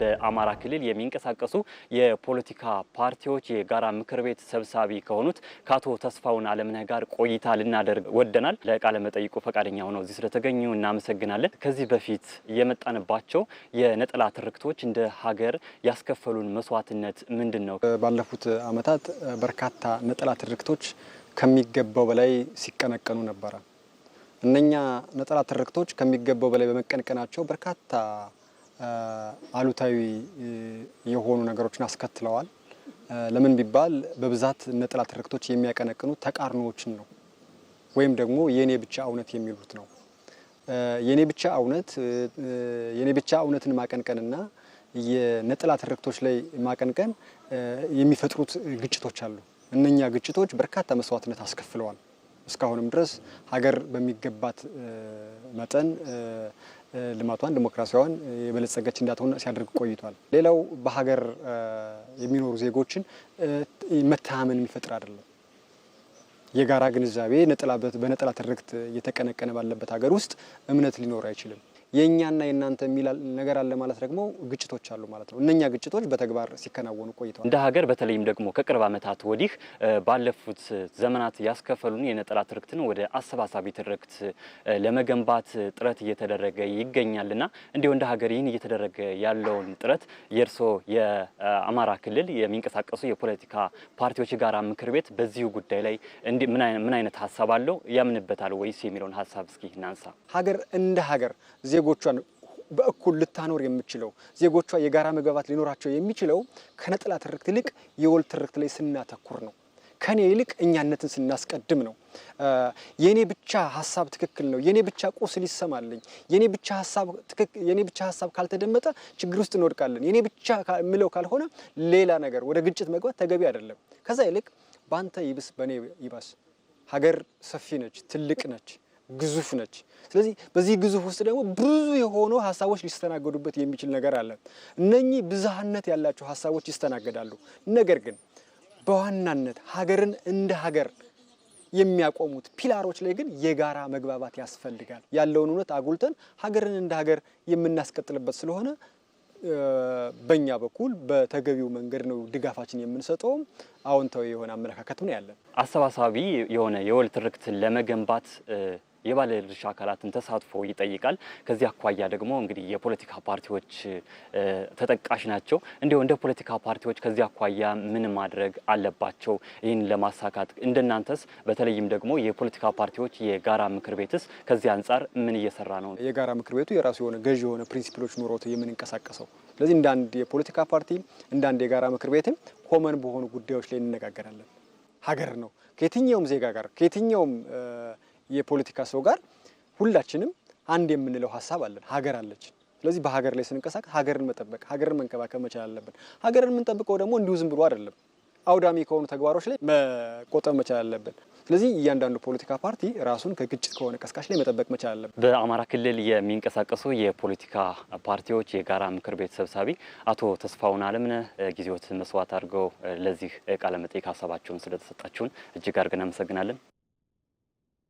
በአማራ ክልል የሚንቀሳቀሱ የፖለቲካ ፓርቲዎች የጋራ ምክር ቤት ሰብሳቢ ከሆኑት ከአቶ ተስፋውን አለምነህ ጋር ቆይታ ልናደርግ ወደናል። ለቃለ መጠይቁ ፈቃደኛ ሆነው እዚህ ስለተገኙ እናመሰግናለን። ከዚህ በፊት የመጣንባቸው የነጠላ ትርክቶች እንደ ሀገር ያስከፈሉን መስዋዕትነት ምንድን ነው? ባለፉት አመታት በርካታ ነጠላ ትርክቶች ከሚገባው በላይ ሲቀነቀኑ ነበረ። እነኛ ነጠላ ትርክቶች ከሚገባው በላይ በመቀንቀናቸው በርካታ አሉታዊ የሆኑ ነገሮችን አስከትለዋል። ለምን ቢባል በብዛት ነጠላ ትርክቶች የሚያቀነቅኑ ተቃርኖዎችን ነው ወይም ደግሞ የኔ ብቻ እውነት የሚሉት ነው። የኔ ብቻ እውነት የኔ ብቻ እውነትን ማቀንቀንና የነጠላ ትርክቶች ላይ ማቀንቀን የሚፈጥሩት ግጭቶች አሉ። እነኛ ግጭቶች በርካታ መስዋዕትነት አስከፍለዋል። እስካሁንም ድረስ ሀገር በሚገባት መጠን ልማቷን ዲሞክራሲያዋን የበለጸገች እንዳትሆን ሲያደርግ ቆይቷል። ሌላው በሀገር የሚኖሩ ዜጎችን መተማመን የሚፈጥር አይደለም። የጋራ ግንዛቤ በነጠላ ትርክት እየተቀነቀነ ባለበት ሀገር ውስጥ እምነት ሊኖር አይችልም። የእኛና የእናንተ የሚል ነገር አለ ማለት ደግሞ ግጭቶች አሉ ማለት ነው። እነኛ ግጭቶች በተግባር ሲከናወኑ ቆይተዋል። እንደ ሀገር በተለይም ደግሞ ከቅርብ ዓመታት ወዲህ ባለፉት ዘመናት ያስከፈሉን የነጠላ ትርክትን ወደ አሰባሳቢ ትርክት ለመገንባት ጥረት እየተደረገ ይገኛልና እንዲሁ እንደ ሀገር ይህን እየተደረገ ያለውን ጥረት የእርስዎ የአማራ ክልል የሚንቀሳቀሱ የፖለቲካ ፓርቲዎች ጋራ ምክር ቤት በዚሁ ጉዳይ ላይ ምን አይነት ሀሳብ አለው ያምንበታል ወይስ የሚለውን ሀሳብ እስኪ እናንሳ። ሀገር እንደ ሀገር ዜጎቿን በእኩል ልታኖር የምችለው ዜጎቿ የጋራ መግባባት ሊኖራቸው የሚችለው ከነጠላ ትርክት ይልቅ የወል ትርክት ላይ ስናተኩር ነው። ከኔ ይልቅ እኛነትን ስናስቀድም ነው። የኔ ብቻ ሀሳብ ትክክል ነው፣ የኔ ብቻ ቁስል ይሰማልኝ፣ የኔ ብቻ ሀሳብ ካልተደመጠ ችግር ውስጥ እንወድቃለን፣ የኔ ብቻ ምለው ካልሆነ ሌላ ነገር ወደ ግጭት መግባት ተገቢ አይደለም። ከዛ ይልቅ በአንተ ይብስ በእኔ ይባስ ሀገር ሰፊ ነች፣ ትልቅ ነች። ግዙፍ ነች። ስለዚህ በዚህ ግዙፍ ውስጥ ደግሞ ብዙ የሆኑ ሀሳቦች ሊስተናገዱበት የሚችል ነገር አለ። እነኚህ ብዝሃነት ያላቸው ሀሳቦች ይስተናገዳሉ። ነገር ግን በዋናነት ሀገርን እንደ ሀገር የሚያቆሙት ፒላሮች ላይ ግን የጋራ መግባባት ያስፈልጋል። ያለውን እውነት አጉልተን ሀገርን እንደ ሀገር የምናስቀጥልበት ስለሆነ በእኛ በኩል በተገቢው መንገድ ነው ድጋፋችን የምንሰጠውም አዎንታዊ የሆነ አመለካከት ነው ያለን። አሰባሳቢ የሆነ የወል ትርክት ለመገንባት የባለድርሻ አካላትን ተሳትፎ ይጠይቃል። ከዚህ አኳያ ደግሞ እንግዲህ የፖለቲካ ፓርቲዎች ተጠቃሽ ናቸው። እንዲሁ እንደ ፖለቲካ ፓርቲዎች ከዚህ አኳያ ምን ማድረግ አለባቸው? ይህን ለማሳካት እንደናንተስ፣ በተለይም ደግሞ የፖለቲካ ፓርቲዎች የጋራ ምክር ቤትስ ከዚህ አንጻር ምን እየሰራ ነው? የጋራ ምክር ቤቱ የራሱ የሆነ ገዥ የሆነ ፕሪንሲፕሎች ኑሮት የምንንቀሳቀሰው ስለዚህ እንደ አንድ የፖለቲካ ፓርቲ እንደ አንድ የጋራ ምክር ቤትም ኮመን በሆኑ ጉዳዮች ላይ እንነጋገራለን። ሀገር ነው ከየትኛውም ዜጋ ጋር ከየትኛውም የፖለቲካ ሰው ጋር ሁላችንም አንድ የምንለው ሀሳብ አለን። ሀገር አለችን። ስለዚህ በሀገር ላይ ስንንቀሳቀስ ሀገርን መጠበቅ፣ ሀገርን መንከባከብ መቻል አለብን። ሀገርን የምንጠብቀው ደግሞ እንዲሁ ዝም ብሎ አይደለም። አውዳሚ ከሆኑ ተግባሮች ላይ መቆጠብ መቻል አለብን። ስለዚህ እያንዳንዱ ፖለቲካ ፓርቲ ራሱን ከግጭት ከሆነ ቀስቃሽ ላይ መጠበቅ መቻል አለብን። በአማራ ክልል የሚንቀሳቀሱ የፖለቲካ ፓርቲዎች የጋራ ምክር ቤት ሰብሳቢ አቶ ተስፋውን አለምነህ ጊዜዎት መስዋዕት አድርገው ለዚህ ቃለመጠይቅ ሀሳባቸውን ስለተሰጣችሁን እጅግ አድርገን አመሰግናለን።